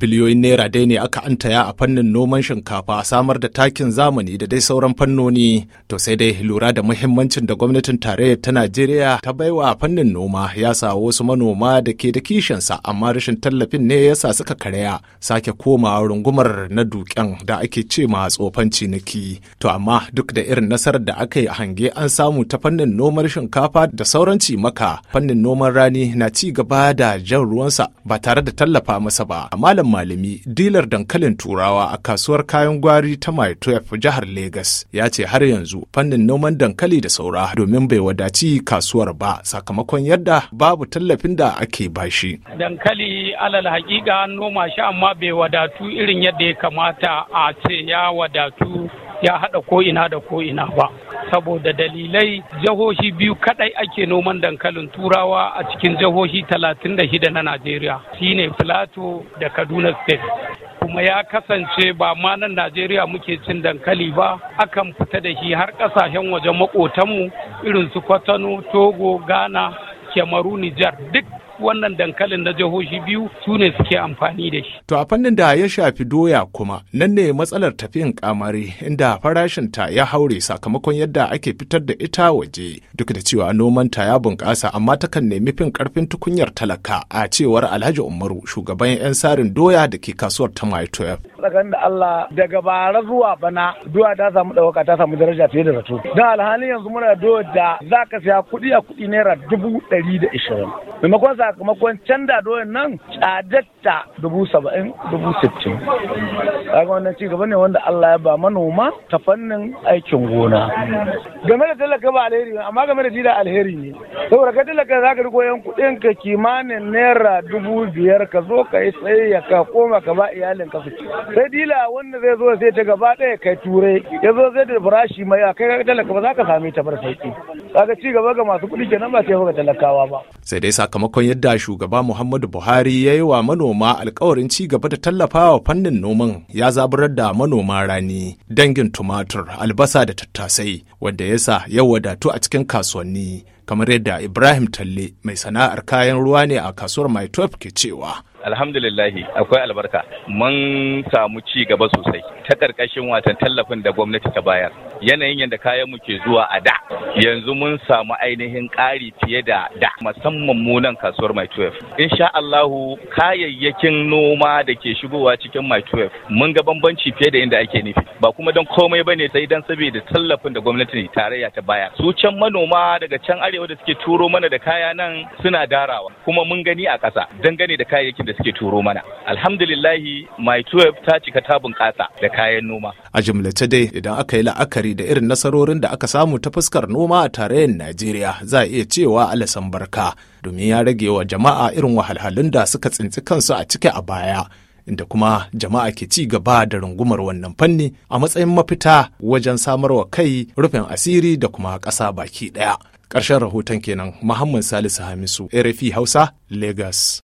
biliyoyin naira dai ne aka antaya a fannin noman shinkafa a samar da takin zamani da dai sauran fannoni to sai dai lura da muhimmancin da gwamnatin tarayyar ta najeriya ta baiwa fannin noma ya sa wasu manoma da ke da kishinsa amma rashin tallafin ne ya sa suka karya sake koma rungumar na duken da ake ce ma tsofan ciniki to amma duk da irin nasarar da aka yi a hange an samu ta fannin noman shinkafa da sauran cimaka fannin noman rani na ci gaba da jan ruwansa ba tare da tallafa masa ba amma malami dilar dankalin turawa a kasuwar kayan gwari ta mai jihar Legas ya ce har yanzu fannin noman dankali da saura domin bai wadaci kasuwar ba sakamakon yadda babu tallafin da ake bashi. Dankali alal hakika noma shi amma bai wadatu irin yadda ya kamata a ce ya wadatu ya haɗa ina da ko'ina ba. saboda dalilai jihohi biyu kadai ake noman dankalin turawa a cikin jihohi shida na Najeriya shine Plateau da Kaduna State. kuma ya kasance ba ma nan Najeriya muke cin dankali ba akan fita da shi har kasashen wajen makotanmu irin su Kwatano, Togo, Ghana, Cameroon, Nijar duk wannan dankalin na jihohi biyu su ne suke amfani da shi. To a fannin da ya shafi doya kuma nan ne matsalar tafiyan kamari inda farashinta ya haure sakamakon yadda ake fitar da ita waje duk da cewa nomanta ya bunƙasa amma takan nemi fin ƙarfin tukunyar talaka a cewar Alhaji Umaru shugaban 'yan sarin doya da ke kasuwar ta Maitoyaf. tsakanin da Allah daga bara zuwa bana Duwa ta samu ɗaukaka ta samu daraja fiye da zato da alhali yanzu muna doya da za ka siya kuɗi a kuɗi naira dubu ɗari da ishirin maimakon sakamakon canda doyan nan cajatta dubu saba'in dubu sittin kaga wannan ci gaba ne wanda Allah ya ba manoma ta fannin aikin gona game da talaka ba alheri ne amma game da jida alheri ne saboda ka talaka za ka riko yan kuɗin ka kimanin naira dubu biyar ka zo ka yi tsayayya ka koma ka ba iyalin ka su sai dila wanda zai zo sai ta gaba ɗaya kai turai ya zo zai da farashi mai a kai talaka ba za ka sami ta bar sauki kaga ci gaba ga masu kuɗi kenan ba sai ga talakawa ba sai dai sakamakon yadda shugaba Muhammadu Buhari ya yi wa manoma alkawarin ci gaba da tallafawa fannin noman ya zaburar da manoma rani dangin tumatur albasa da tattasai wanda ya sa ya wadatu a cikin kasuwanni kamar yadda Ibrahim Talle mai sana'ar kayan ruwa ne a kasuwar Maitop ke cewa. alhamdulillah akwai albarka mun samu ci gaba sosai ta ƙarƙashin watan tallafin da gwamnati ta bayar yanayin yadda kayanmu ke zuwa a da yanzu mun samu ainihin ƙari fiye da da musamman mu nan kasuwar mai 12 insha Allahu kayayyakin noma da ke shigowa cikin mai 12 mun ga bambanci fiye da inda ake nufi ba kuma don komai ba ne sai dan saboda tallafin da gwamnatin tarayya ta baya su can manoma daga can arewa da suke turo mana da kaya nan suna darawa kuma mun gani a ƙasa dangane da kayayyakin da suke turo mana alhamdulillahi mai 12 ta cika ta bunƙasa da kayan noma a jimlace dai idan aka yi la'akari la'akari da irin nasarorin da aka samu ta fuskar noma a tarayyar Najeriya za a iya cewa alasan barka domin ya rage wa jama'a irin wahalhalun da suka tsinci kansu a ciki a baya. Inda kuma jama'a ke ci gaba da rungumar wannan fanni a matsayin mafita wajen samarwa kai rufin asiri da kuma ƙasa baki ɗaya. Ƙarshen rahoton kenan Muhammad Salisu Hamisu, RFI Hausa, Lagos.